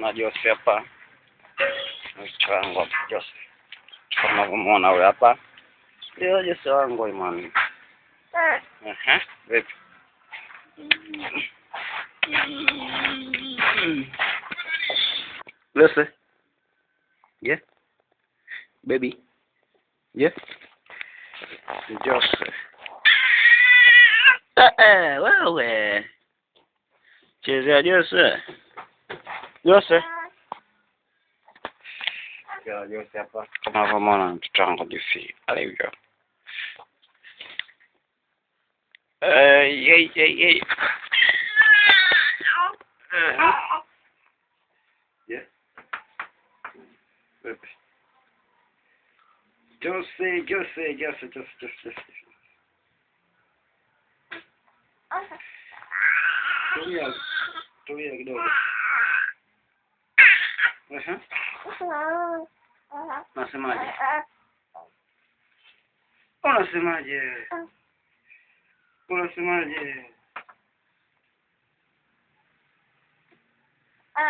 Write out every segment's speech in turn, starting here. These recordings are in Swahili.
na Josi hapa Josi wangu Josi kama unavyomuona huyo hapa ndio Josi wangu imani ehe vipi Listen. Yeah. Baby. Yeah. Josi. Eh, eh, wewe. Chezea Josi. Jose. Yo, Jose hapa. Kama unavyoona mtoto wangu Jose. Alivyo. Eh, Jose, Jose, Jose, Jose, Jose. Tulia, tulia kidogo. Basan. Dala semane. Dala semane. Dala semane. La.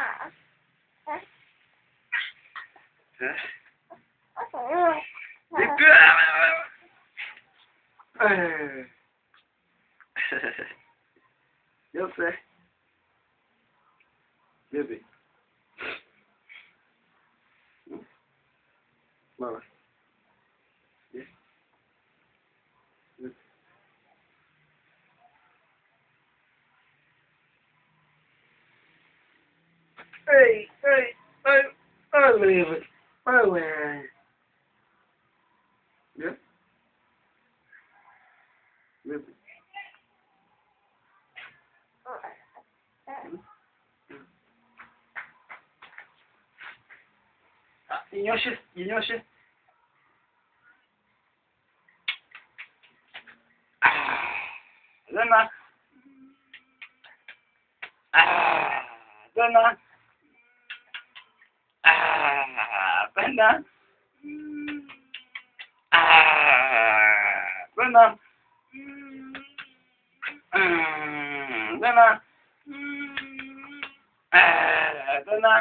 La semane. Yo fè. Vipi. Lower. Yeah. Hey, hey, I, believe it. I win. Yeah. Listen. You know shit. You know shit. 真的，啊，真的，啊，真的，嗯，啊，真的，嗯，嗯，真的，嗯，啊，真的，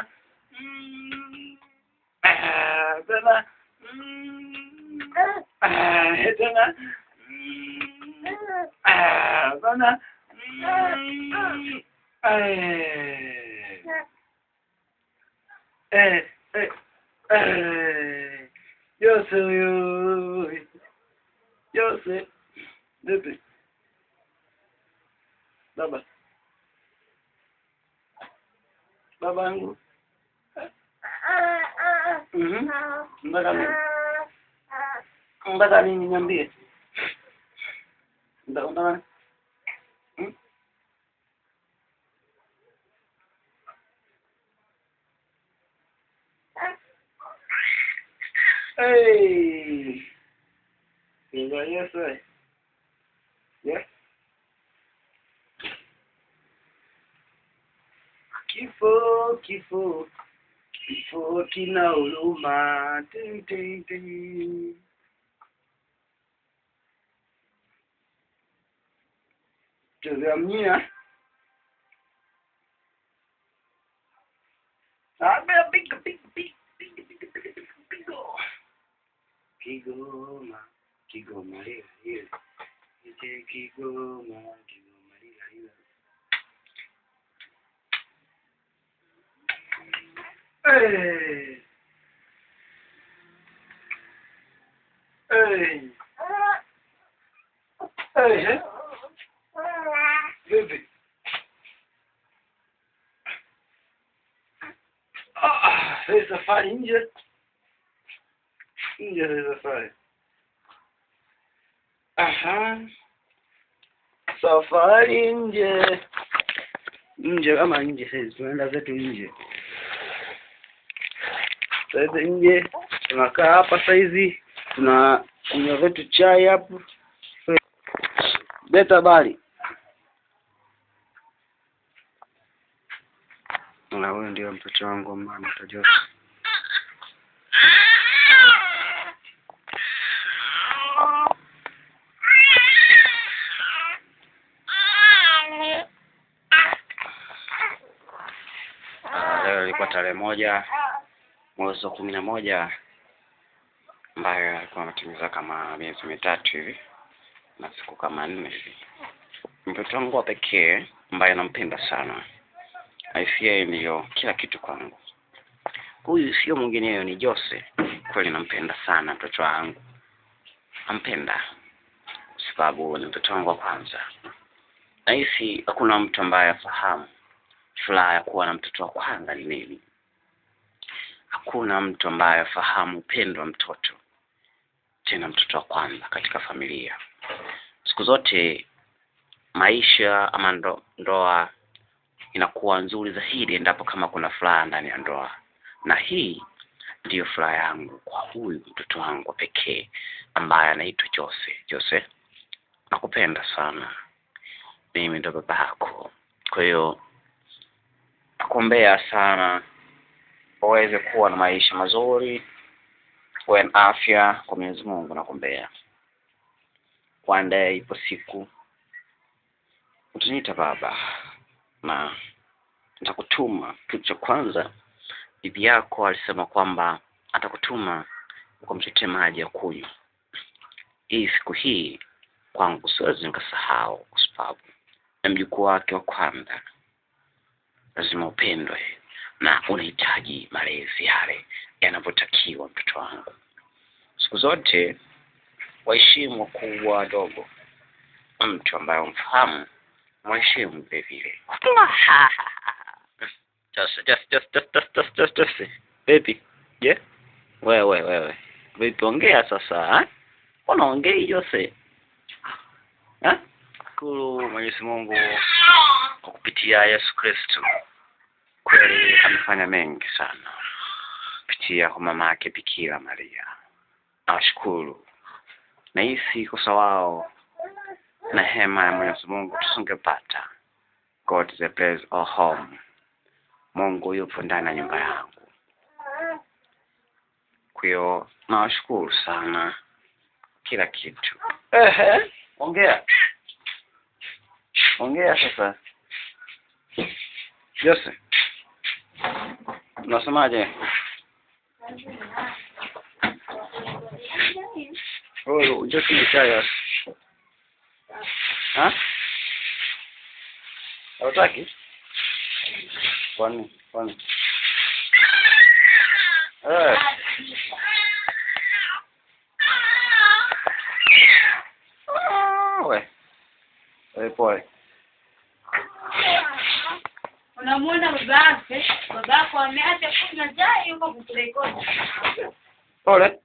嗯，啊，真的，嗯，啊，真的，嗯。bana yo soy yo yo sé bebé baba baba ngo nini mbaka nini niambie Tidak undangan. Hmm? Hey, tinggal ya say, ya. Kifo, kifo, kifo kinauluma, ting ting ting. Ode mnie. A big big big big big big big big Kigoma, Kigoma, here, here. You take Kigoma, Kigoma, here, here. Hey! Hey! Hey! Ha ince. İnce safari. Aha. Safari ince. Ince kama nje sisi tunaenda zetu nje. Sasa nje tunakaa hapa saizi tuna kunywa zetu chai hapo. beta bali Na huyo ndio mtoto wangu mama tajosi ilikuwa tarehe moja mwezi wa kumi na moja ambayo alikuwa ametimiza kama miezi mitatu hivi na siku kama nne hivi. Mtoto wangu wa pekee ambaye nampenda sana, Aisia ndiyo kila kitu kwangu. Huyu sio mwingineyo, ni Jose. Kweli nampenda sana mtoto wangu, nampenda kwa sababu ni mtoto wangu wa kwanza. Nahisi hakuna mtu ambaye afahamu furaha ya kuwa na mtoto wa kwanza ni nini? Hakuna mtu ambaye afahamu upendo wa mtoto, tena mtoto wa kwanza katika familia. Siku zote maisha ama ndo, ndoa inakuwa nzuri zaidi endapo kama kuna furaha ndani ya ndoa, na hii ndiyo furaha yangu kwa huyu mtoto wangu pekee ambaye anaitwa Jose. Jose, nakupenda sana, mimi ndo baba yako. Kwa hiyo kuombea sana waweze kuwa na maisha mazuri, wen afya. Kwa Mwenyezi Mungu nakombea one ipo siku utaniita baba, na nitakutuma. Kitu cha kwanza, bibi yako alisema kwamba atakutuma ukamchotea maji ya kunywa. Hii siku hii kwangu siwezi nikasahau, kwa sababu na mjukuu wake wa kwanza lazima upendwe na unahitaji malezi yale yanavyotakiwa mtoto wangu siku zote waheshimu wakubwa wadogo mtu ambaye umfahamu mwheshimu vile vile wewe wewe vipi ongea sasa wanaongei jose kulu mwenyezi mungu kwa kupitia Yesu Kristo kweli amefanya mengi sana kupitia kwa mama yake Bikira Maria. Nawashukuru na hisi kosa wao na hema ya Mwenyezi Mungu tusingepata. God is a place of home. Mungu yupo ndani ya nyumba yangu. Kwa hiyo nawashukuru sana kila kitu. Ehe, ongea ongea sasa. Yes. No se malle. Oh, just in the chayas. Huh? Oh, thank you. Funny, funny. Hey. Oh, boy. Namuna babake, babako ameacha kunywa chai huko kupelekoni. Pole.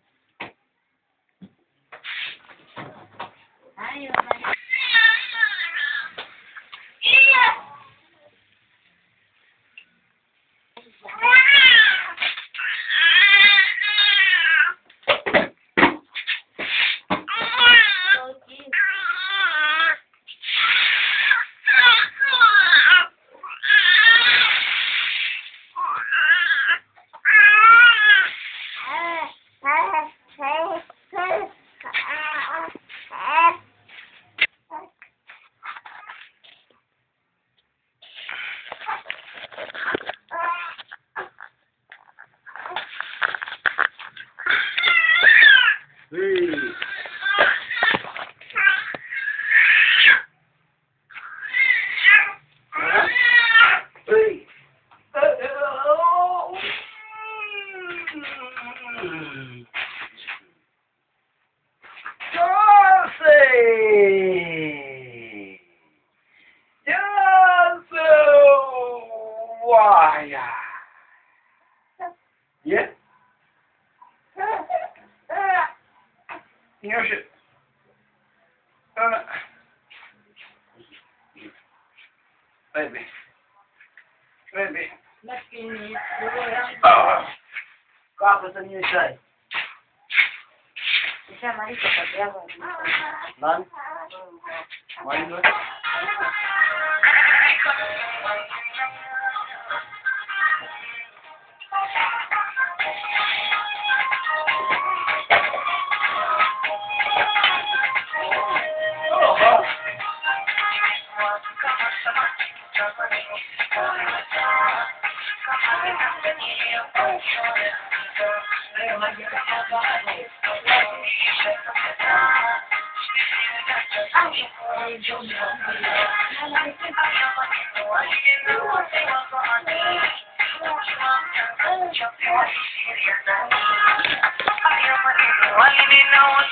Jersey! Jersey! Why? Yeah? Here's it. Uh, baby. Baby. Nothing. Как это не чай? Сейчас Мариса подряла. Нам? Мариса? I am not